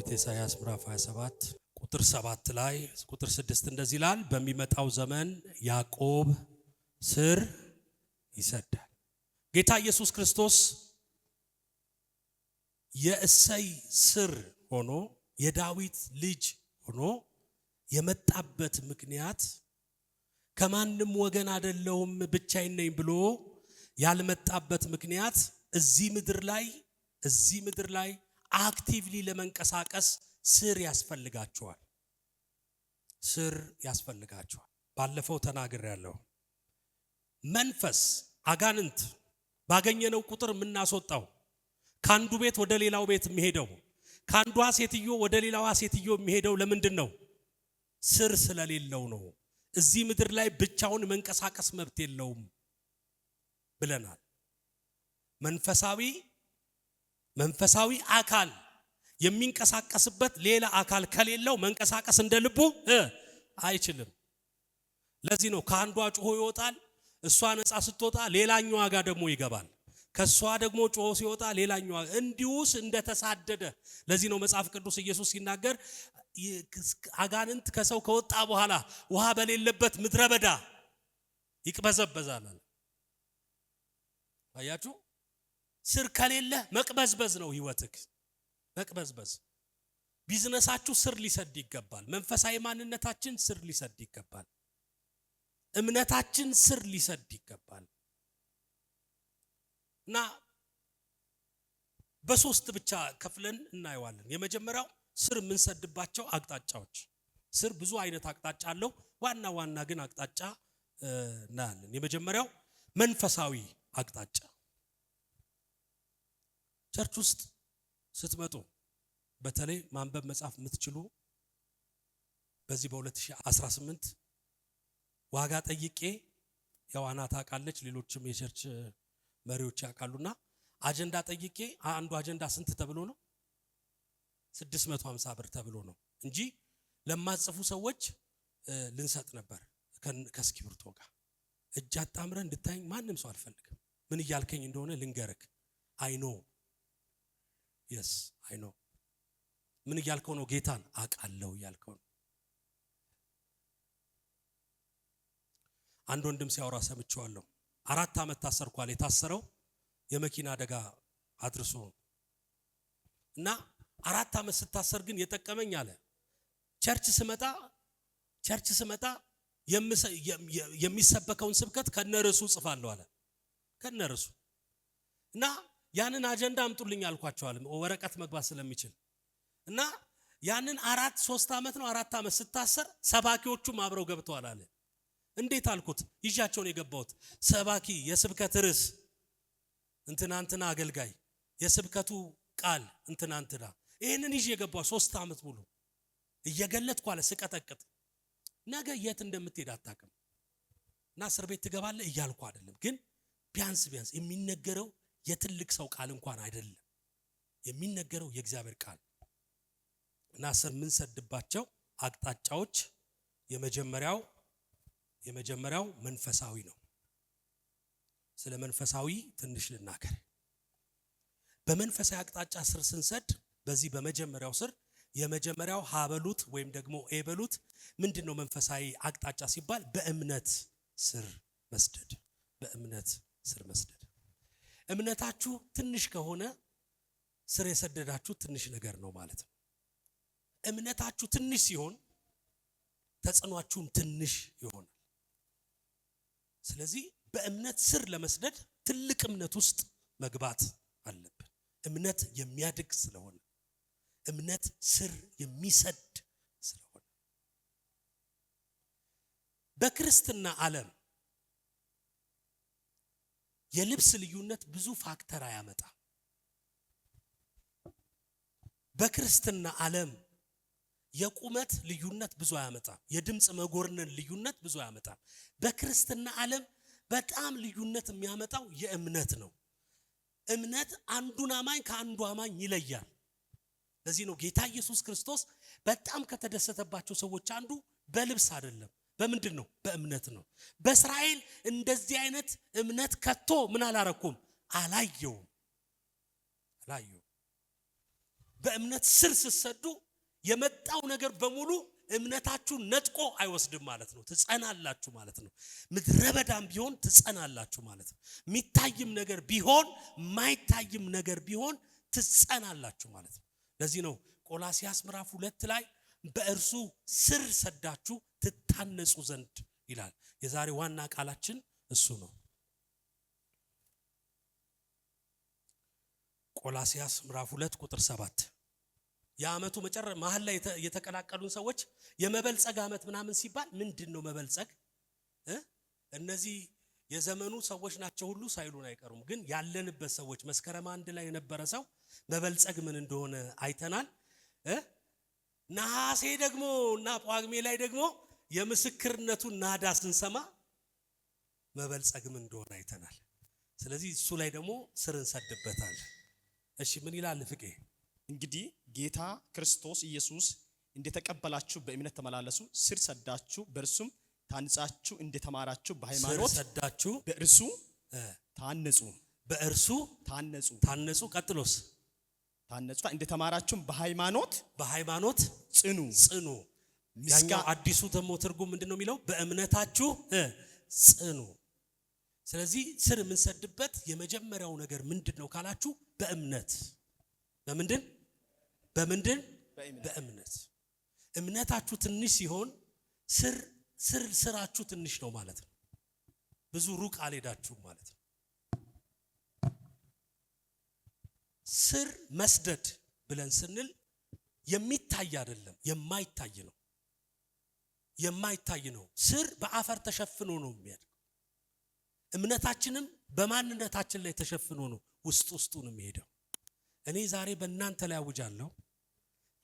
ትንቢተ ኢሳያስ ምዕራፍ 27 ቁጥር 7 ላይ ቁጥር 6 እንደዚህ ይላል፣ በሚመጣው ዘመን ያዕቆብ ስር ይሰዳል። ጌታ ኢየሱስ ክርስቶስ የእሰይ ስር ሆኖ የዳዊት ልጅ ሆኖ የመጣበት ምክንያት ከማንም ወገን አይደለሁም ብቻዬን ነኝ ብሎ ያልመጣበት ምክንያት እዚህ ምድር ላይ እዚህ ምድር ላይ አክቲቭሊ ለመንቀሳቀስ ስር ያስፈልጋቸዋል። ስር ያስፈልጋቸዋል። ባለፈው ተናግር ያለው መንፈስ አጋንንት ባገኘነው ቁጥር የምናስወጣው ከአንዱ ቤት ወደ ሌላው ቤት የሚሄደው ከአንዷ ሴትዮ ወደ ሌላዋ ሴትዮ የሚሄደው ለምንድን ነው? ስር ስለሌለው ነው። እዚህ ምድር ላይ ብቻውን መንቀሳቀስ መብት የለውም ብለናል። መንፈሳዊ መንፈሳዊ አካል የሚንቀሳቀስበት ሌላ አካል ከሌለው መንቀሳቀስ እንደ ልቡ አይችልም። ለዚህ ነው ከአንዷ ጮሆ ይወጣል፣ እሷ ነፃ ስትወጣ ሌላኛዋ ጋር ደግሞ ይገባል። ከእሷ ደግሞ ጮሆ ሲወጣ ሌላኛዋ እንዲሁስ እንደተሳደደ። ለዚህ ነው መጽሐፍ ቅዱስ ኢየሱስ ሲናገር አጋንንት ከሰው ከወጣ በኋላ ውሃ በሌለበት ምድረ በዳ ይቅበዘበዛል አያችሁ። ስር ከሌለ መቅበዝበዝ ነው ህይወትክ። መቅበዝበዝ ቢዝነሳችሁ ስር ሊሰድ ይገባል። መንፈሳዊ ማንነታችን ስር ሊሰድ ይገባል። እምነታችን ስር ሊሰድ ይገባል እና በሶስት ብቻ ከፍለን እናየዋለን። የመጀመሪያው ስር የምንሰድባቸው አቅጣጫዎች። ስር ብዙ አይነት አቅጣጫ አለው። ዋና ዋና ግን አቅጣጫ እናያለን። የመጀመሪያው መንፈሳዊ አቅጣጫ ቸርች ውስጥ ስትመጡ በተለይ ማንበብ መጻፍ የምትችሉ በዚህ በ2018 ዋጋ ጠይቄ ያው አና ታውቃለች፣ ሌሎችም የቸርች መሪዎች ያውቃሉና አጀንዳ ጠይቄ አንዱ አጀንዳ ስንት ተብሎ ነው? 650 ብር ተብሎ ነው እንጂ ለማጽፉ ሰዎች ልንሰጥ ነበር ከእስክሪብቶ ጋር እጅ አጣምረ እንድታይኝ ማንም ሰው አልፈልግም። ምን እያልከኝ እንደሆነ ልንገርክ አይኖ የስ አይ ኖ ምን እያልከው ነው? ጌታን አውቃለሁ እያልከው ነው። አንድ ወንድም ሲያወራ ሰምቼዋለሁ። አራት ዓመት ታሰርኳል። የታሰረው የመኪና አደጋ አድርሶ እና አራት ዓመት ስታሰር ግን የጠቀመኝ አለ ቸርች ስመጣ ቸርች ስመጣ የሚሰበከውን ስብከት ከነርሱ ጽፋለሁ አለ ከነርሱ እና ያንን አጀንዳ አምጡልኝ አልኳቸዋል። ወረቀት መግባት ስለሚችል እና ያንን አራት ሶስት ዓመት ነው አራት ዓመት ስታሰር ሰባኪዎቹም አብረው ገብተዋል አለ። እንዴት አልኩት። ይዣቸውን የገባሁት ሰባኪ፣ የስብከት ርዕስ እንትናንትና፣ አገልጋይ፣ የስብከቱ ቃል እንትናንትና፣ ይህንን ይዤ የገባ ሶስት ዓመት ሙሉ እየገለጥኩ አለ ስቀጠቅጥ፣ ነገ የት እንደምትሄድ አታቅም እና እስር ቤት ትገባለህ እያልኩ አይደለም ግን ቢያንስ ቢያንስ የሚነገረው የትልቅ ሰው ቃል እንኳን አይደለም የሚነገረው የእግዚአብሔር ቃል እና ስር የምንሰድባቸው አቅጣጫዎች የመጀመሪያው የመጀመሪያው መንፈሳዊ ነው። ስለ መንፈሳዊ ትንሽ ልናገር። በመንፈሳዊ አቅጣጫ ስር ስንሰድ በዚህ በመጀመሪያው ስር የመጀመሪያው ሀበሉት ወይም ደግሞ ኤበሉት ምንድን ነው? መንፈሳዊ አቅጣጫ ሲባል በእምነት ስር መስደድ፣ በእምነት ስር መስደድ እምነታችሁ ትንሽ ከሆነ ስር የሰደዳችሁ ትንሽ ነገር ነው ማለት ነው። እምነታችሁ ትንሽ ሲሆን ተጽዕኗችሁም ትንሽ ይሆናል። ስለዚህ በእምነት ስር ለመስደድ ትልቅ እምነት ውስጥ መግባት አለብን። እምነት የሚያድግ ስለሆነ እምነት ስር የሚሰድ ስለሆነ በክርስትና ዓለም የልብስ ልዩነት ብዙ ፋክተር አያመጣ። በክርስትና ዓለም የቁመት ልዩነት ብዙ አያመጣም። የድምፅ መጎርነን ልዩነት ብዙ አያመጣም። በክርስትና ዓለም በጣም ልዩነት የሚያመጣው የእምነት ነው። እምነት አንዱን አማኝ ከአንዱ አማኝ ይለያል። ለዚህ ነው ጌታ ኢየሱስ ክርስቶስ በጣም ከተደሰተባቸው ሰዎች አንዱ በልብስ አይደለም በምንድን ነው? በእምነት ነው። በእስራኤል እንደዚህ አይነት እምነት ከቶ ምን አላረኩም አላየውም አላየውም። በእምነት ስር ስትሰዱ የመጣው ነገር በሙሉ እምነታችሁን ነጥቆ አይወስድም ማለት ነው። ትጸናላችሁ ማለት ነው። ምድረ በዳም ቢሆን ትጸናላችሁ ማለት ነው። የሚታይም ነገር ቢሆን ማይታይም ነገር ቢሆን ትጸናላችሁ ማለት ነው። ለዚህ ነው ቆላሲያስ ምዕራፍ ሁለት ላይ በእርሱ ስር ሰዳችሁ ይታነጹ ዘንድ ይላል። የዛሬ ዋና ቃላችን እሱ ነው። ቆላሲያስ ምዕራፍ ሁለት ቁጥር ሰባት የዓመቱ መጨረ መሀል ላይ የተቀላቀሉን ሰዎች የመበልጸግ ዓመት ምናምን ሲባል ምንድን ነው መበልጸግ? እነዚህ የዘመኑ ሰዎች ናቸው ሁሉ ሳይሉን አይቀሩም። ግን ያለንበት ሰዎች መስከረም አንድ ላይ የነበረ ሰው መበልጸግ ምን እንደሆነ አይተናል። ነሐሴ ደግሞ እና ጳጉሜ ላይ ደግሞ የምስክርነቱን ናዳ ስንሰማ መበልጸግም እንደሆነ አይተናል። ስለዚህ እሱ ላይ ደግሞ ስር እንሰድበታል። እሺ ምን ይላል ፍቄ? እንግዲህ ጌታ ክርስቶስ ኢየሱስ እንደተቀበላችሁ በእምነት ተመላለሱ፣ ስር ሰዳችሁ በእርሱም ታንጻችሁ እንደተማራችሁ በሃይማኖት ሰዳችሁ በእርሱ ታነጹ በእርሱ ታነጹ ታነጹ ቀጥሎስ ታነጹ እንደተማራችሁም በሃይማኖት በሃይማኖት ጽኑ ጽኑ ያኛው አዲሱ ደግሞ ትርጉም ምንድን ነው የሚለው? በእምነታችሁ ጽኑ። ስለዚህ ስር የምንሰድበት የመጀመሪያው ነገር ምንድን ነው ካላችሁ፣ በእምነት በምንድን በምንድን በእምነት እምነታችሁ ትንሽ ሲሆን ስር ስር ስራችሁ ትንሽ ነው ማለት ነው። ብዙ ሩቅ አልሄዳችሁም ማለት ነው። ስር መስደድ ብለን ስንል የሚታይ አይደለም፣ የማይታይ ነው። የማይታይ ነው። ስር በአፈር ተሸፍኖ ነው የሚሄደው። እምነታችንም በማንነታችን ላይ ተሸፍኖ ነው ውስጥ ውስጡ ነው የሚሄደው። እኔ ዛሬ በእናንተ ላይ አውጃለሁ፣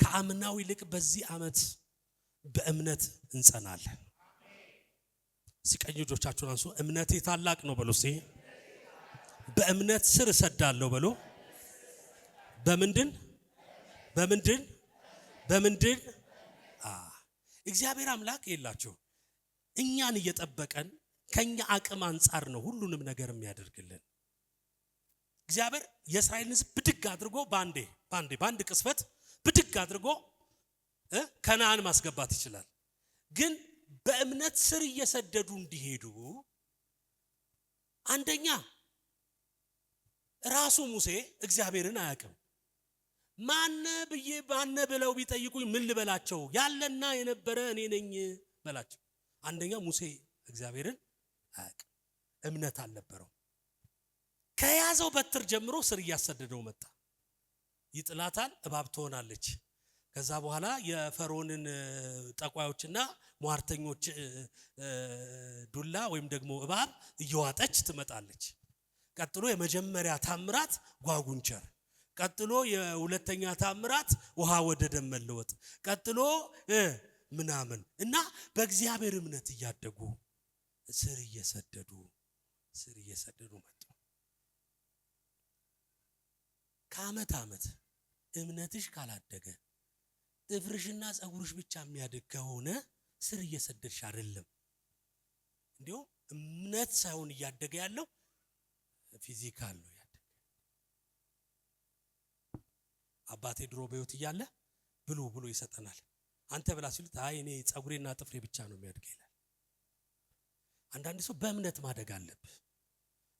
ከአምናው ይልቅ በዚህ ዓመት በእምነት እንጸናለን። ሲቀኝ እጆቻችሁን አንሱ። እምነቴ ታላቅ ነው በሎ። በእምነት ስር እሰዳለሁ በሎ። በምንድን በምንድን በምንድን እግዚአብሔር አምላክ የላቸው እኛን እየጠበቀን ከኛ አቅም አንጻር ነው ሁሉንም ነገር የሚያደርግልን። እግዚአብሔር የእስራኤልን ሕዝብ ብድግ አድርጎ ባንዴ ባንዴ በአንድ ቅስፈት ብድግ አድርጎ ከነአን ማስገባት ይችላል። ግን በእምነት ስር እየሰደዱ እንዲሄዱ አንደኛ ራሱ ሙሴ እግዚአብሔርን አያውቅም። ማነ ብዬ ማነ ብለው ቢጠይቁኝ ምን ልበላቸው? ያለና የነበረ እኔ ነኝ በላቸው። አንደኛ ሙሴ እግዚአብሔርን አያውቅም፣ እምነት አልነበረው። ከያዘው በትር ጀምሮ ስር እያሰደደው መጣ። ይጥላታል፣ እባብ ትሆናለች። ከዛ በኋላ የፈርዖንን ጠቋዮችና ሟርተኞች ዱላ ወይም ደግሞ እባብ እየዋጠች ትመጣለች። ቀጥሎ የመጀመሪያ ታምራት ጓጉንቸር ቀጥሎ የሁለተኛ ታምራት ውሃ ወደ ደም መለወጥ፣ ቀጥሎ ምናምን እና በእግዚአብሔር እምነት እያደጉ ስር እየሰደዱ ስር እየሰደዱ መጡ። ከአመት አመት እምነትሽ ካላደገ ጥፍርሽና ጸጉርሽ ብቻ የሚያድግ ከሆነ ስር እየሰደድሽ አይደለም። እንዲሁም እምነት ሳይሆን እያደገ ያለው ፊዚካል ነው። አባቴ ድሮ በህይወት እያለ ብሉ ብሎ ይሰጠናል። አንተ ብላ ሲሉት አይ እኔ ጸጉሬና ጥፍሬ ብቻ ነው የሚያድገ ይላል። አንዳንድ ሰው በእምነት ማደግ አለብ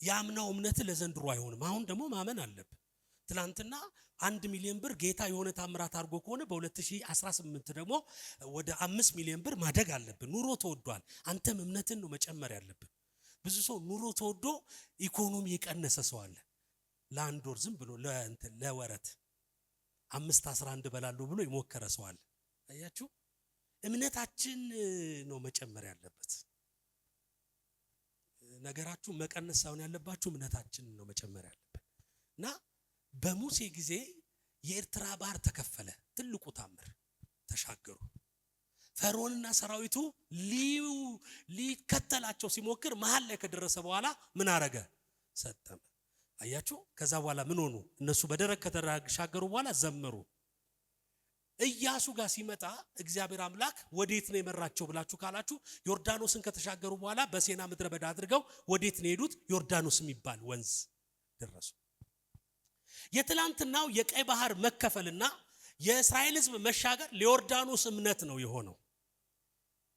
የአምናው እምነት ለዘንድሮ አይሆንም። አሁን ደግሞ ማመን አለብ ትላንትና አንድ ሚሊዮን ብር ጌታ የሆነ ታምራት አድርጎ ከሆነ በ2018 ደግሞ ወደ አምስት ሚሊዮን ብር ማደግ አለብን። ኑሮ ተወዷል። አንተም እምነትን ነው መጨመር ያለብን። ብዙ ሰው ኑሮ ተወዶ ኢኮኖሚ የቀነሰ ሰው አለ። ለአንድ ወር ዝም ብሎ ለወረት አምስት አስራ አንድ በላሉ ብሎ የሞከረ ሰው አለ። አያችሁ፣ እምነታችን ነው መጨመር ያለበት። ነገራችሁ መቀነስ ሳይሆን ያለባችሁ እምነታችን ነው መጨመር ያለበት እና በሙሴ ጊዜ የኤርትራ ባህር ተከፈለ። ትልቁ ታምር ተሻገሩ። ፈርዖንና ሰራዊቱ ሊከተላቸው ሲሞክር መሀል ላይ ከደረሰ በኋላ ምን አረገ? ሰጠመ። አያችሁ። ከዛ በኋላ ምን ሆኑ? እነሱ በደረቅ ከተሻገሩ በኋላ ዘመሩ። እያሱ ጋር ሲመጣ እግዚአብሔር አምላክ ወዴት ነው የመራቸው ብላችሁ ካላችሁ ዮርዳኖስን ከተሻገሩ በኋላ በሴና ምድረ በዳ አድርገው ወዴት ነው የሄዱት? ዮርዳኖስ የሚባል ወንዝ ደረሱ። የትላንትናው የቀይ ባህር መከፈልና የእስራኤል ሕዝብ መሻገር ለዮርዳኖስ እምነት ነው የሆነው።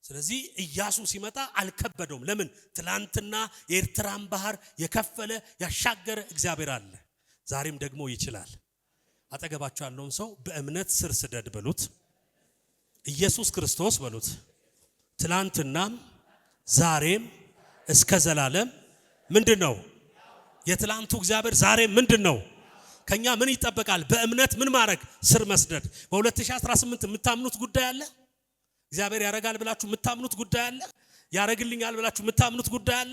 ስለዚህ እያሱ ሲመጣ አልከበደውም። ለምን? ትላንትና የኤርትራን ባህር የከፈለ ያሻገረ እግዚአብሔር አለ። ዛሬም ደግሞ ይችላል። አጠገባቸው ያለውን ሰው በእምነት ስር ስደድ በሉት። ኢየሱስ ክርስቶስ በሉት። ትላንትናም ዛሬም እስከ ዘላለም ምንድን ነው? የትላንቱ እግዚአብሔር ዛሬም ምንድን ነው? ከኛ ምን ይጠበቃል? በእምነት ምን ማድረግ ስር መስደድ። በ2018 የምታምኑት ጉዳይ አለ እግዚአብሔር ያረጋል ብላችሁ የምታምኑት ጉዳይ አለ። ያረግልኛል ብላችሁ የምታምኑት ጉዳይ አለ።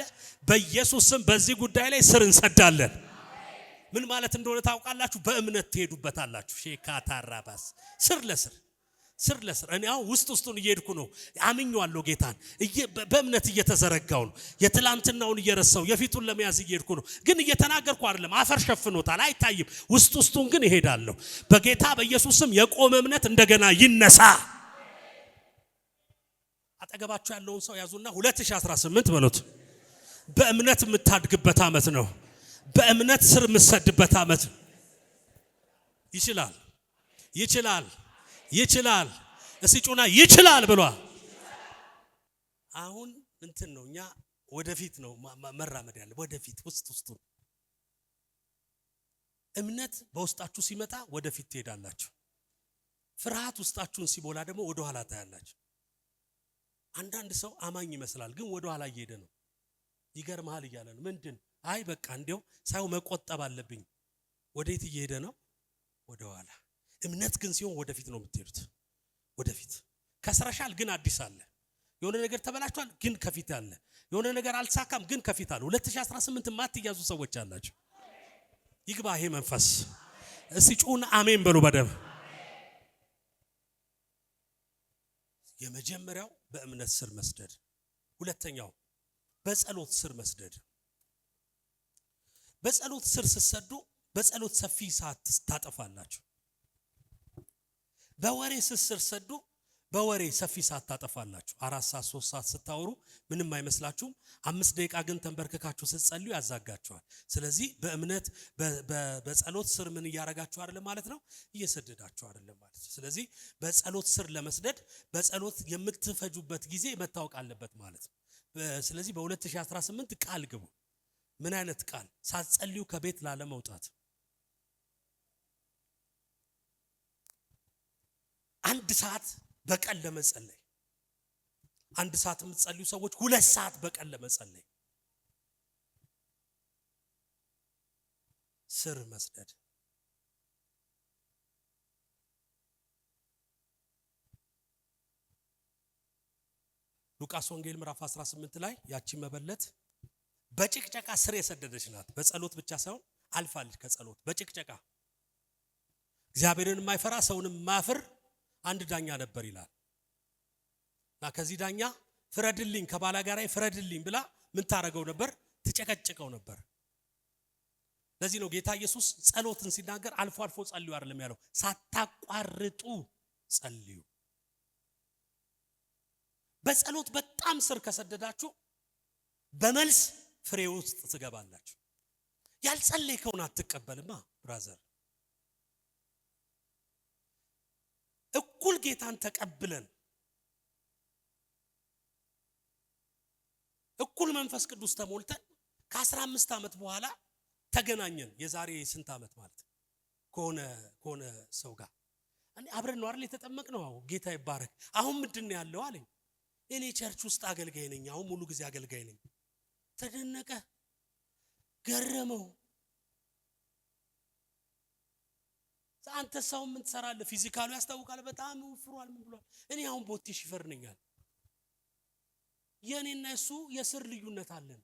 በኢየሱስ ስም በዚህ ጉዳይ ላይ ስር እንሰዳለን። ምን ማለት እንደሆነ ታውቃላችሁ። በእምነት ትሄዱበታላችሁ። ሼካ ታራባስ ስር ለስር ስር ለስር እኔ አሁን ውስጥ ውስጡን እየሄድኩ ነው። አምኜዋለሁ ጌታን በእምነት እየተዘረጋው ነው። የትላንትናውን እየረሳው የፊቱን ለመያዝ እየሄድኩ ነው። ግን እየተናገርኩ አይደለም። አፈር ሸፍኖታል፣ አይታይም። ውስጥ ውስጡን ግን እሄዳለሁ። በጌታ በኢየሱስ ስም የቆመ እምነት እንደገና ይነሳ። አጠገባችሁ ያለውን ሰው ያዙና 2018 በሉት። በእምነት የምታድግበት ዓመት ነው። በእምነት ስር የምሰድበት ዓመት ይችላል ይችላል ይችላል። እስቲ ጩና ይችላል ብሏል። አሁን እንትን ነው እኛ ወደፊት ነው መራመድ ያለ ወደፊት ውስጥ ውስጡ እምነት በውስጣችሁ ሲመጣ ወደፊት ትሄዳላችሁ። ፍርሃት ውስጣችሁን ሲሞላ ደግሞ ወደኋላ ታያላችሁ። አንዳንድ ሰው አማኝ ይመስላል፣ ግን ወደ ኋላ እየሄደ ነው። ይገርምሃል እያለ ነው። ምንድን አይ በቃ እንዲያው ሳይው መቆጠብ አለብኝ። ወዴት እየሄደ ነው? ወደ ኋላ። እምነት ግን ሲሆን ወደፊት ነው የምትሄዱት። ወደፊት ከስረሻል፣ ግን አዲስ አለ። የሆነ ነገር ተበላሽቷል፣ ግን ከፊት አለ። የሆነ ነገር አልተሳካም፣ ግን ከፊት አለ። 2018 ማትያዙ ሰዎች አላቸው። ይግባ ይሄ መንፈስ። እስቲ ጩን አሜን በሉ በደም የመጀመሪያው በእምነት ስር መስደድ፣ ሁለተኛው በጸሎት ስር መስደድ። በጸሎት ስር ስትሰዱ በጸሎት ሰፊ ሰዓት ታጠፋላችሁ። በወሬ ስር ስትሰዱ በወሬ ሰፊ ሰዓት ታጠፋላችሁ። አራት ሰዓት ሶስት ሰዓት ስታወሩ ምንም አይመስላችሁም። አምስት ደቂቃ ግን ተንበርክካችሁ ስትጸልዩ ያዛጋችኋል። ስለዚህ በእምነት በጸሎት ስር ምን እያረጋችሁ አይደለም ማለት ነው፣ እየሰደዳችሁ አይደለም ማለት ነው። ስለዚህ በጸሎት ስር ለመስደድ በጸሎት የምትፈጁበት ጊዜ መታወቅ አለበት ማለት ነው። ስለዚህ በ2018 ቃል ግቡ። ምን አይነት ቃል? ሳትጸልዩ ከቤት ላለመውጣት አንድ ሰዓት በቀን ለመጸለይ አንድ ሰዓት የምትጸልዩ ሰዎች ሁለት ሰዓት በቀን ለመጸለይ ስር መስደድ ሉቃስ ወንጌል ምዕራፍ 18 ላይ ያቺ መበለት በጭቅጨቃ ስር የሰደደች ናት። በጸሎት ብቻ ሳይሆን አልፋለች ከጸሎት በጭቅጨቃ እግዚአብሔርን የማይፈራ ሰውንም የማያፍር አንድ ዳኛ ነበር ይላል እና ከዚህ ዳኛ ፍረድልኝ ከባላጋራዬ ፍረድልኝ ብላ ምን ታደርገው ነበር? ትጨቀጭቀው ነበር። ለዚህ ነው ጌታ ኢየሱስ ጸሎትን ሲናገር አልፎ አልፎ ጸልዩ አይደለም ያለው፣ ሳታቋርጡ ጸልዩ። በጸሎት በጣም ስር ከሰደዳችሁ በመልስ ፍሬ ውስጥ ትገባላችሁ። ያልጸለይከውን አትቀበልማ ብራዘር። እኩል ጌታን ተቀብለን እኩል መንፈስ ቅዱስ ተሞልተን ከአስራ አምስት ዓመት በኋላ ተገናኘን። የዛሬ ስንት ዓመት ማለት ከሆነ ከሆነ ሰው ጋር አብረን ነው አይደል የተጠመቅነው? አዎ ጌታ ይባረክ። አሁን ምንድን ነው ያለው አለኝ። እኔ ቸርች ውስጥ አገልጋይ ነኝ፣ አሁን ሙሉ ጊዜ አገልጋይ ነኝ። ተደነቀ፣ ገረመው። አንተ ሰው ምን ትሰራለህ? ፊዚካሉ ያስታውቃል። በጣም ወፍሯል፣ ምን ብሏል? እኔ አሁን ቦቴ ይፈርነኛል። ነኛል። የእኔና እሱ የስር ልዩነት አለን።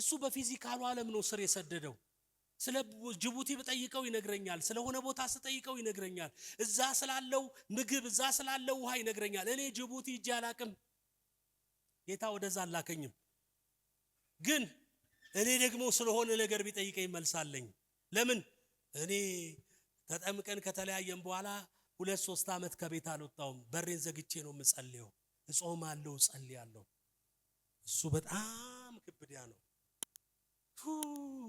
እሱ በፊዚካሉ ዓለም ነው ስር የሰደደው። ስለ ጅቡቲ ብጠይቀው ይነግረኛል። ስለሆነ ቦታ ስጠይቀው ይነግረኛል። እዛ ስላለው ምግብ፣ እዛ ስላለው ውሃ ይነግረኛል። እኔ ጅቡቲ እጅ አላቅም። ጌታ ወደዛ አላከኝም። ግን እኔ ደግሞ ስለሆነ ነገር ቢጠይቀኝ መልሳለኝ። ለምን እኔ ተጠምቀን ከተለያየን በኋላ ሁለት ሶስት ዓመት ከቤት አልወጣውም። በሬን ዘግቼ ነው የምጸልየው፣ አለው እጸልያለሁ። እሱ በጣም ክብድያ ነው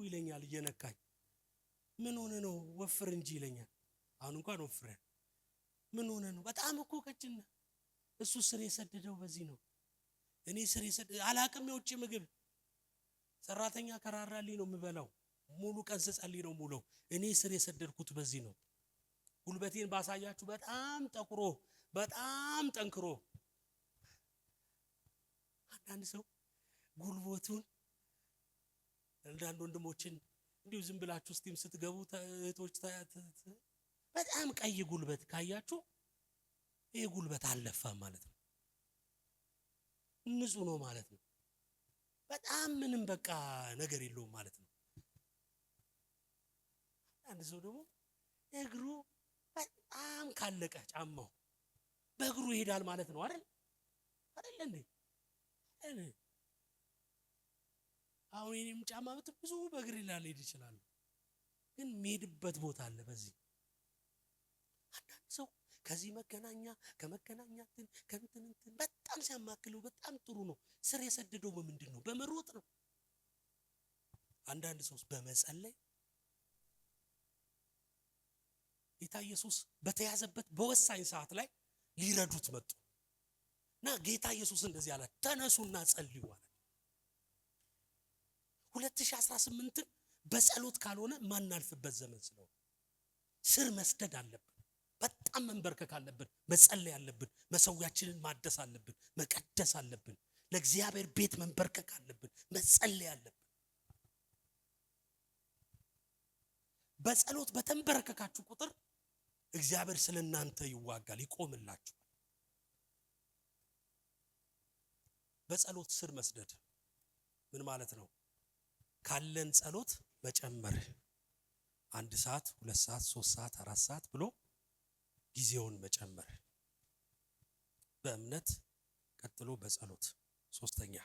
ይለኛል፣ እየነካኝ ምን ሆነ ነው ወፍር እንጂ ይለኛል። አሁን እንኳን ወፍረ ምን ሆነ ነው በጣም እኮ ቀጭን። እሱ ስር የሰደደው በዚህ ነው። እኔ ስር የሰደደ አላቅም። የውጭ ምግብ ሰራተኛ ከራራልኝ ነው የምበላው ሙሉ ቀን ስጸልይ ነው ሙሉ እኔ ስር የሰደድኩት በዚህ ነው። ጉልበቴን ባሳያችሁ በጣም ጠቁሮ በጣም ጠንክሮ አንዳንድ ሰው ጉልበቱን አንዳንድ ወንድሞችን እንዲሁ ዝም ብላችሁ ስቲም ስትገቡ እህቶች በጣም ቀይ ጉልበት ካያችሁ ይህ ጉልበት አልለፋም ማለት ነው። ንጹህ ነው ማለት ነው። በጣም ምንም በቃ ነገር የለውም ማለት ነው። አንድ ሰው ደግሞ እግሩ በጣም ካለቀ ጫማው በእግሩ ይሄዳል ማለት ነው አይደል? አይደል እንዴ? አሁን የኔም ጫማ ብት ብዙ በእግር ይላል ሄድ ይችላል፣ ግን የሚሄድበት ቦታ አለ። በዚህ አንዳንድ ሰው ከዚህ መገናኛ ከመገናኛ እንትን ከምትን እንትን በጣም ሲያማክለው በጣም ጥሩ ነው። ስር የሰደደው በምንድን ነው? በመሮጥ ነው። አንዳንድ ሰው በመጸለይ ጌታ ኢየሱስ በተያዘበት በወሳኝ ሰዓት ላይ ሊረዱት መጡ እና ጌታ ኢየሱስ እንደዚህ አለ፣ ተነሱና ጸልዩ አለ። 2018ን በጸሎት ካልሆነ ማናልፍበት ዘመን ስለሆነ ስር መስደድ አለብን። በጣም መንበርከክ አለብን። መጸለይ አለብን። መሰዊያችንን ማደስ አለብን። መቀደስ አለብን። ለእግዚአብሔር ቤት መንበርከክ አለብን። መጸለይ አለብን። በጸሎት በተንበረከካችሁ ቁጥር እግዚአብሔር ስለ እናንተ ይዋጋል፣ ይቆምላችኋል። በጸሎት ስር መስደድ ምን ማለት ነው? ካለን ጸሎት መጨመር አንድ ሰዓት፣ ሁለት ሰዓት፣ ሶስት ሰዓት፣ አራት ሰዓት ብሎ ጊዜውን መጨመር በእምነት ቀጥሎ በጸሎት ሶስተኛ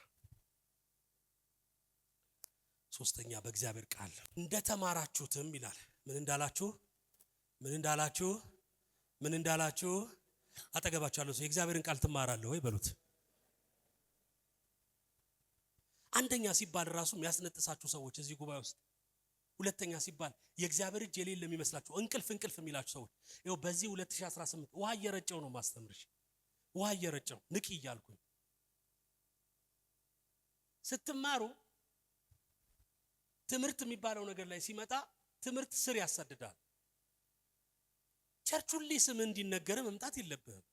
ሶስተኛ በእግዚአብሔር ቃል እንደተማራችሁትም ይላል ምን እንዳላችሁ ምን እንዳላችሁ ምን እንዳላችሁ አጠገባችኋለሁ። ሰው የእግዚአብሔርን ቃል ትማራለህ ወይ በሉት። አንደኛ ሲባል ራሱ የሚያስነጥሳችሁ ሰዎች እዚህ ጉባኤ ውስጥ ሁለተኛ ሲባል የእግዚአብሔር እጅ የሌለ የሚመስላችሁ እንቅልፍ እንቅልፍ የሚላችሁ ሰዎች ይኸው በዚህ 2018 ውሃ እየረጨው ነው ማስተምርሽ። ውሃ እየረጨው ንቂ እያልኩኝ ስትማሩ ትምህርት የሚባለው ነገር ላይ ሲመጣ ትምህርት ስር ያሳድዳል። ቸርች ስም እንዲነገረ መምጣት የለብህም።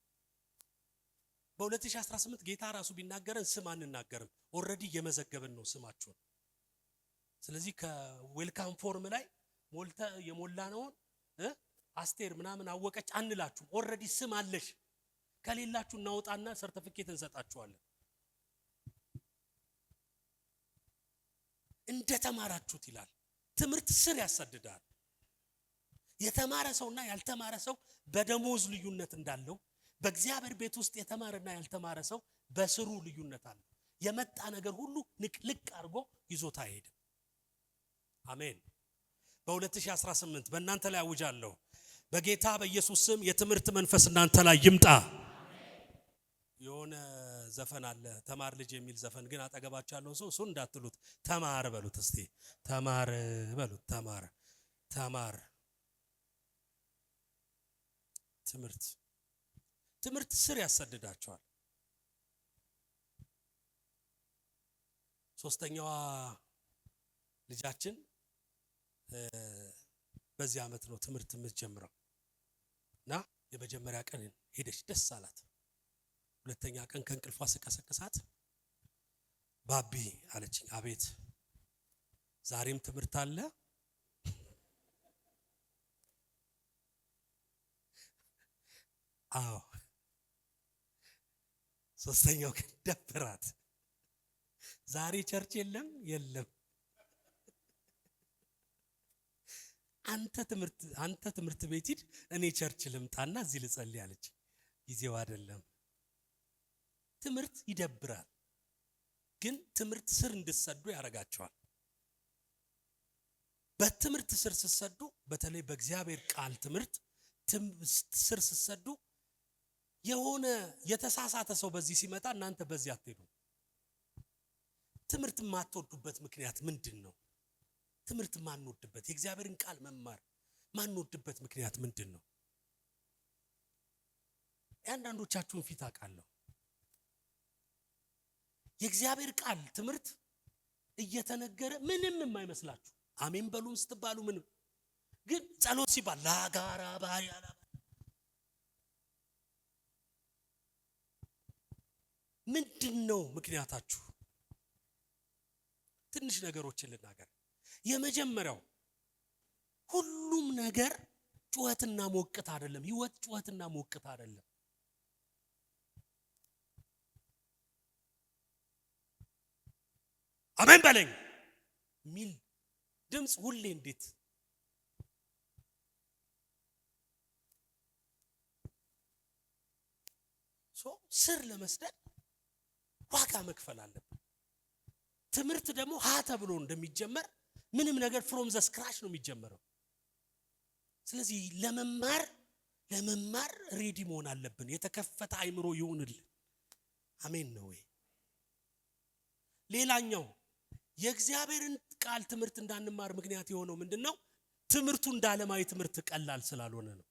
በ2018 ጌታ ራሱ ቢናገረን ስም አንናገርም። ኦልሬዲ እየመዘገብን ነው ስማችሁን። ስለዚህ ከዌልካም ፎርም ላይ ሞልተ የሞላ ነውን አስቴር ምናምን አወቀች አንላችሁም። ኦልሬዲ ስም አለሽ። ከሌላችሁ እናወጣና ሰርተፊኬት እንሰጣችኋለን። እንደ ተማራችሁት ይላል። ትምህርት ስር ያሳድዳል። የተማረ ሰውና ያልተማረ ሰው በደሞዝ ልዩነት እንዳለው በእግዚአብሔር ቤት ውስጥ የተማረና ያልተማረ ሰው በስሩ ልዩነት አለው። የመጣ ነገር ሁሉ ንቅልቅ አድርጎ ይዞት አይሄድም። አሜን። በ2018 በእናንተ ላይ አውጃለሁ። በጌታ በኢየሱስ ስም የትምህርት መንፈስ እናንተ ላይ ይምጣ። የሆነ ዘፈን አለ ተማር ልጅ የሚል ዘፈን ግን አጠገባቸው ያለውን ሰው እሱን እንዳትሉት፣ ተማር በሉት። እስቲ ተማር በሉት። ተማር ተማር ትምህርት ትምህርት ስር ያሰድዳቸዋል። ሶስተኛዋ ልጃችን በዚህ ዓመት ነው ትምህርት የምትጀምረው እና የመጀመሪያ ቀን ሄደች፣ ደስ አላት። ሁለተኛ ቀን ከእንቅልፏ ስቀሰቅሳት ባቢ አለችኝ። አቤት ዛሬም ትምህርት አለ አዎ ሶስተኛው ግን ደብራት። ዛሬ ቸርች የለም የለም። አንተ ትምህርት አንተ ትምህርት ቤት ሂድ፣ እኔ ቸርች ልምጣና እዚህ ልጸልይ አለች። ጊዜው አይደለም። ትምህርት ይደብራል፣ ግን ትምህርት ስር እንድትሰዱ ያደርጋቸዋል። በትምህርት ስር ስሰዱ፣ በተለይ በእግዚአብሔር ቃል ትምህርት ስር ስሰዱ የሆነ የተሳሳተ ሰው በዚህ ሲመጣ እናንተ በዚህ አትሄዱ። ትምህርት የማትወዱበት ምክንያት ምንድን ነው? ትምህርት ማንወድበት የእግዚአብሔርን ቃል መማር ማንወድበት ምክንያት ምንድን ነው? የአንዳንዶቻችሁን ፊት አውቃለሁ። የእግዚአብሔር ቃል ትምህርት እየተነገረ ምንም የማይመስላችሁ አሜን በሉም ስትባሉ ምንም ግን ጸሎት ሲባል ላጋራ ያላ ምንድን ነው ምክንያታችሁ? ትንሽ ነገሮችን ልናገር። የመጀመሪያው ሁሉም ነገር ጩኸትና ሞቅት አይደለም። ህይወት ጩኸትና ሞቅት አይደለም። አሜን በለኝ ሚል ድምፅ ሁሌ እንዴት ስር ለመስደድ ዋጋ መክፈል አለብን። ትምህርት ደግሞ ሀ ተብሎ እንደሚጀመር ምንም ነገር ፍሮም ዘ ስክራች ነው የሚጀመረው። ስለዚህ ለመማር ለመማር ሬዲ መሆን አለብን። የተከፈተ አይምሮ ይሁንልን። አሜን ነው ወይ? ሌላኛው የእግዚአብሔርን ቃል ትምህርት እንዳንማር ምክንያት የሆነው ምንድን ነው? ትምህርቱ እንደ ዓለማዊ ትምህርት ቀላል ስላልሆነ ነው።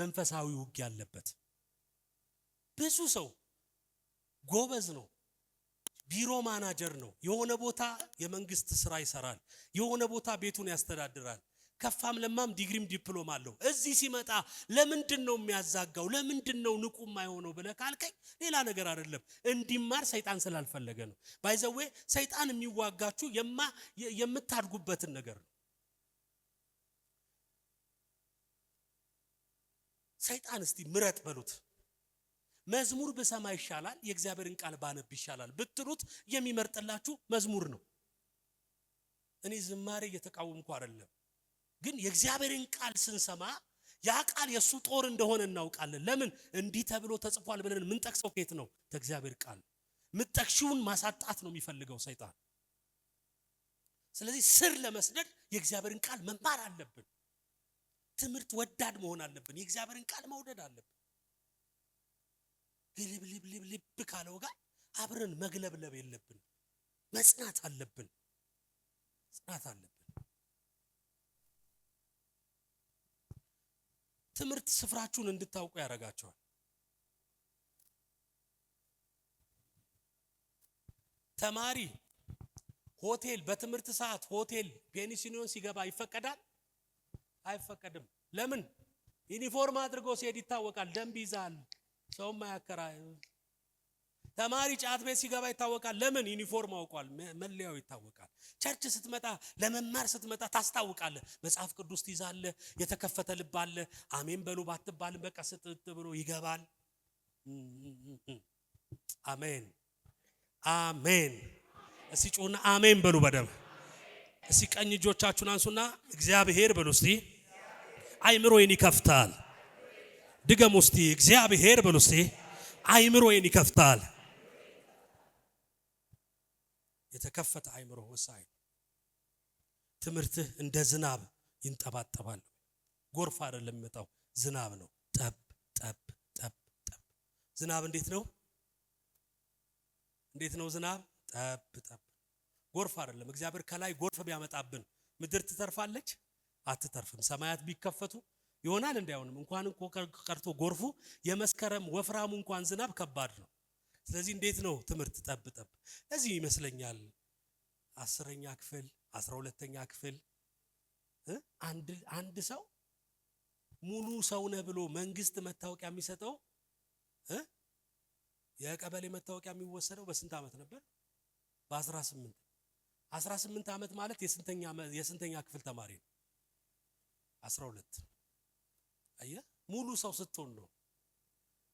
መንፈሳዊ ውጊያ አለበት። ብዙ ሰው ጎበዝ ነው፣ ቢሮ ማናጀር ነው። የሆነ ቦታ የመንግስት ስራ ይሰራል፣ የሆነ ቦታ ቤቱን ያስተዳድራል። ከፋም ለማም ዲግሪም ዲፕሎም አለው። እዚህ ሲመጣ ለምንድን ነው የሚያዛጋው? ለምንድን ነው ንቁ የማይሆነው ብለህ ካልከኝ ሌላ ነገር አይደለም፣ እንዲማር ሰይጣን ስላልፈለገ ነው። ባይዘዌ ሰይጣን የሚዋጋችሁ የምታድጉበትን ነገር ነው። ሰይጣን እስቲ ምረጥ በሉት መዝሙር ብሰማ ይሻላል፣ የእግዚአብሔርን ቃል ባነብ ይሻላል ብትሉት የሚመርጥላችሁ መዝሙር ነው። እኔ ዝማሬ እየተቃወምኩ አይደለም፣ ግን የእግዚአብሔርን ቃል ስንሰማ ያ ቃል የእሱ ጦር እንደሆነ እናውቃለን። ለምን እንዲህ ተብሎ ተጽፏል ብለን የምንጠቅሰው ከየት ነው? ከእግዚአብሔር ቃል። ምጠቅሺውን ማሳጣት ነው የሚፈልገው ሰይጣን። ስለዚህ ስር ለመስደድ የእግዚአብሔርን ቃል መማር አለብን። ትምህርት ወዳድ መሆን አለብን። የእግዚአብሔርን ቃል መውደድ አለብን። ልብልብልብልብ ካለው ጋር አብረን መግለብለብ የለብን፣ መጽናት አለብን፣ መጽናት አለብን። ትምህርት ስፍራችሁን እንድታውቁ ያደርጋቸዋል። ተማሪ ሆቴል በትምህርት ሰዓት ሆቴል ፔኒሲሊዮን ሲገባ ይፈቀዳል? አይፈቀድም። ለምን? ዩኒፎርም አድርጎ ሲሄድ ይታወቃል። ደንብ ይዛል። ሰውም አያከራይ። ተማሪ ጫት ቤት ሲገባ ይታወቃል። ለምን? ዩኒፎርም አውቋል፣ መለያው ይታወቃል። ቸርች ስትመጣ፣ ለመማር ስትመጣ ታስታውቃለ። መጽሐፍ ቅዱስ ትይዛለ የተከፈተ ልብ አለ። አሜን በሉ ባትባልም በቃ ስጥጥ ብሎ ይገባል። አሜን አሜን። እስቲ ጩና አሜን በሉ በደም እስቲ ቀኝ እጆቻችሁን አንሱና እግዚአብሔር በሉ እስቲ አይምሮዬን ይከፍታል ድገም ውስቲ እግዚአብሔር በሉ ውስቲ አይምሮዬን ይከፍታል። የተከፈተ አይምሮ ወሳኝ ትምህርትህ እንደ ዝናብ ይንጠባጠባል። ጎርፍ አይደለም የሚመጣው ዝናብ ነው። ጠብ ጠብ ጠብ ጠብ ዝናብ እንዴት ነው? እንዴት ነው ዝናብ? ጠብ ጠብ ጎርፍ አይደለም። እግዚአብሔር ከላይ ጎርፍ ቢያመጣብን ምድር ትተርፋለች? አትተርፍም። ሰማያት ቢከፈቱ ይሆናል እንዳይሆንም እንኳን ቀርቶ ጎርፉ የመስከረም ወፍራሙ እንኳን ዝናብ ከባድ ነው። ስለዚህ እንዴት ነው ትምህርት ጠብ ጠብ ለዚህ ይመስለኛል አስረኛ ክፍል አስራ ሁለተኛ ክፍል አንድ አንድ ሰው ሙሉ ሰው ነህ ብሎ መንግስት መታወቂያ የሚሰጠው የቀበሌ መታወቂያ የሚወሰደው በስንት ዓመት ነበር? በአስራ ስምንት አስራ ስምንት ዓመት ማለት የስንተኛ የስንተኛ ክፍል ተማሪ ነው? አስራ ሁለት አየ ሙሉ ሰው ስትሆን ነው።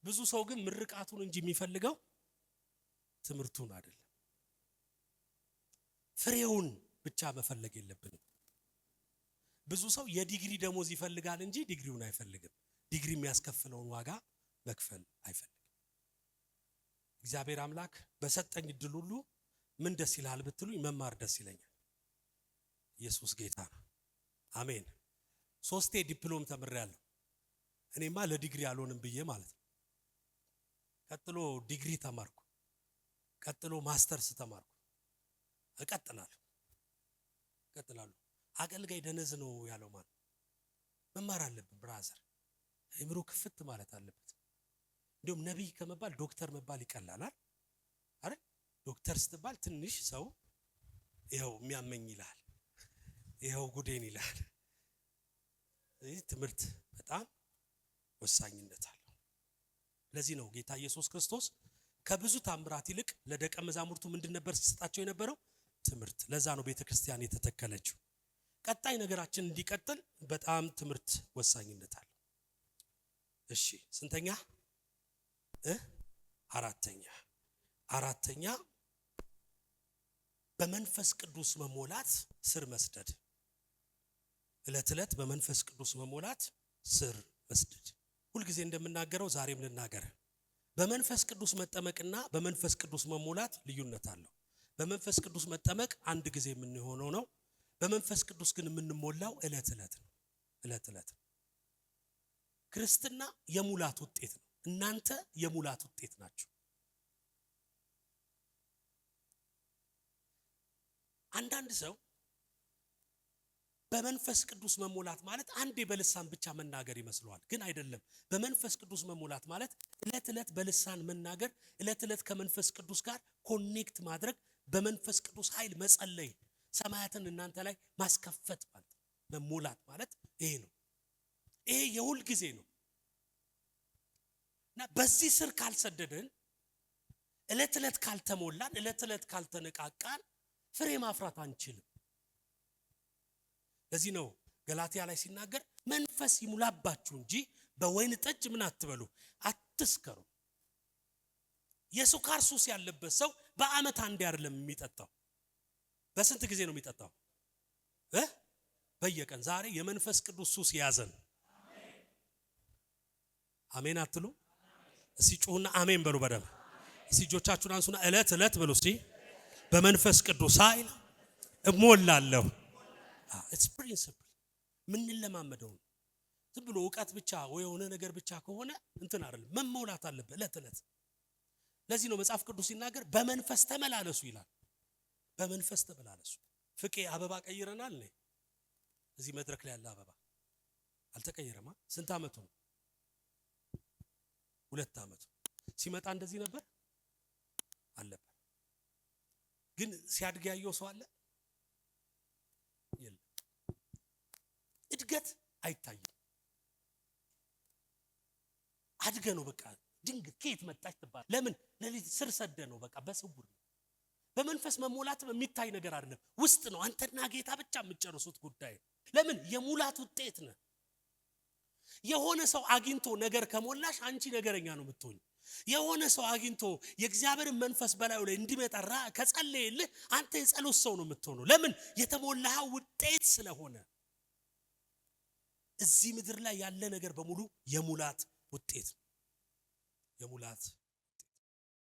ብዙ ሰው ግን ምርቃቱን እንጂ የሚፈልገው ትምህርቱን አይደለም። ፍሬውን ብቻ መፈለግ የለብንም። ብዙ ሰው የዲግሪ ደሞዝ ይፈልጋል እንጂ ዲግሪውን አይፈልግም። ዲግሪ የሚያስከፍለውን ዋጋ መክፈል አይፈልግም። እግዚአብሔር አምላክ በሰጠኝ እድል ሁሉ ምን ደስ ይላል ብትሉኝ መማር ደስ ይለኛል። ኢየሱስ ጌታ ነው። አሜን። ሶስቴ ዲፕሎም ተምሬያለሁ። እኔማ ለዲግሪ አልሆንም ብዬ ማለት ነው። ቀጥሎ ዲግሪ ተማርኩ፣ ቀጥሎ ማስተርስ ተማርኩ። እቀጥላለሁ እቀጥላለሁ። አገልጋይ ደነዝ ነው ያለው ማለት መማር አለብን ብራዘር፣ አይምሮ ክፍት ማለት አለበት። እንዲሁም ነቢይ ከመባል ዶክተር መባል ይቀላላል አይደል? ዶክተር ስትባል ትንሽ ሰው ይኸው የሚያመኝ ይልሃል፣ ይኸው ጉዴን ይልሃል። ትምህርት በጣም ወሳኝነት አለው። ለዚህ ነው ጌታ ኢየሱስ ክርስቶስ ከብዙ ታምራት ይልቅ ለደቀ መዛሙርቱ ምንድን ነበር ሲሰጣቸው የነበረው ትምህርት። ለዛ ነው ቤተ ክርስቲያን የተተከለችው። ቀጣይ ነገራችን እንዲቀጥል በጣም ትምህርት ወሳኝነት አለው። እሺ ስንተኛ? አራተኛ አራተኛ በመንፈስ ቅዱስ መሞላት ስር መስደድ። እለት እለት በመንፈስ ቅዱስ መሞላት ስር መስደድ ሁልጊዜ እንደምናገረው ዛሬም ልናገር፣ በመንፈስ ቅዱስ መጠመቅና በመንፈስ ቅዱስ መሞላት ልዩነት አለው። በመንፈስ ቅዱስ መጠመቅ አንድ ጊዜ የምንሆነው ነው። በመንፈስ ቅዱስ ግን የምንሞላው እለት እለት ነው። እለት እለት ነው። ክርስትና የሙላት ውጤት ነው። እናንተ የሙላት ውጤት ናችሁ። አንዳንድ ሰው በመንፈስ ቅዱስ መሞላት ማለት አንዴ በልሳን ብቻ መናገር ይመስለዋል፣ ግን አይደለም። በመንፈስ ቅዱስ መሞላት ማለት እለት እለት በልሳን መናገር፣ እለት እለት ከመንፈስ ቅዱስ ጋር ኮኔክት ማድረግ፣ በመንፈስ ቅዱስ ኃይል መጸለይ፣ ሰማያትን እናንተ ላይ ማስከፈት ማለት መሞላት ማለት ይሄ ነው። ይሄ የሁል ጊዜ ነው እና በዚህ ስር ካልሰደድን፣ እለት እለት ካልተሞላን፣ እለት እለት ካልተነቃቃን ፍሬ ማፍራት አንችልም። ለዚህ ነው ገላትያ ላይ ሲናገር መንፈስ ይሙላባችሁ እንጂ በወይን ጠጅ ምን አትበሉ፣ አትስከሩ። የሱካር ሱስ ያለበት ሰው በአመት አንዴ አይደለም የሚጠጣው። በስንት ጊዜ ነው የሚጠጣው? በየቀን። ዛሬ የመንፈስ ቅዱስ ሱስ የያዘን አሜን አትሉ? እስቲ ጩሁና አሜን በሉ። በደም እስቲ እጆቻችሁን አንሱና እለት እለት በሉ። እስቲ በመንፈስ ቅዱስ ኃይል እሞላለሁ ኢትስ ፕሪንሲፕል የምንለማመደው ነው። ዝም ብሎ እውቀት ብቻ ወይ የሆነ ነገር ብቻ ከሆነ እንትን አይደለም፣ መሞላት አለበት እለት እለት። ለዚህ ነው መጽሐፍ ቅዱስ ሲናገር በመንፈስ ተመላለሱ ይላል። በመንፈስ ተመላለሱ። ፍቄ አበባ ቀይረናል። እዚህ መድረክ ላይ ያለ አበባ አልተቀየረማ። ስንት ዓመቱ ነው? ሁለት ዓመቱ ሲመጣ እንደዚህ ነበር አልነበር? ግን ሲያድግ ያየው ሰው አለ እድገት አይታይም። አድገ ነው በቃ ድንግት ከየት መጣች ትባል። ለምን ለልጅ ስር ሰደ ነው በቃ በስውር ነው። በመንፈስ መሞላት የሚታይ ነገር አይደለም፣ ውስጥ ነው። አንተና ጌታ ብቻ የምትጨርሱት ጉዳይ ለምን የሙላት ውጤት ነው። የሆነ ሰው አግኝቶ ነገር ከሞላሽ አንቺ ነገረኛ ነው የምትሆኝ። የሆነ ሰው አግኝቶ የእግዚአብሔርን መንፈስ በላዩ ላይ እንዲመጣ ከጸለየልህ አንተ የጸሎት ሰው ነው የምትሆነው። ለምን የተሞላህ ውጤት ስለሆነ እዚህ ምድር ላይ ያለ ነገር በሙሉ የሙላት ውጤት የሙላት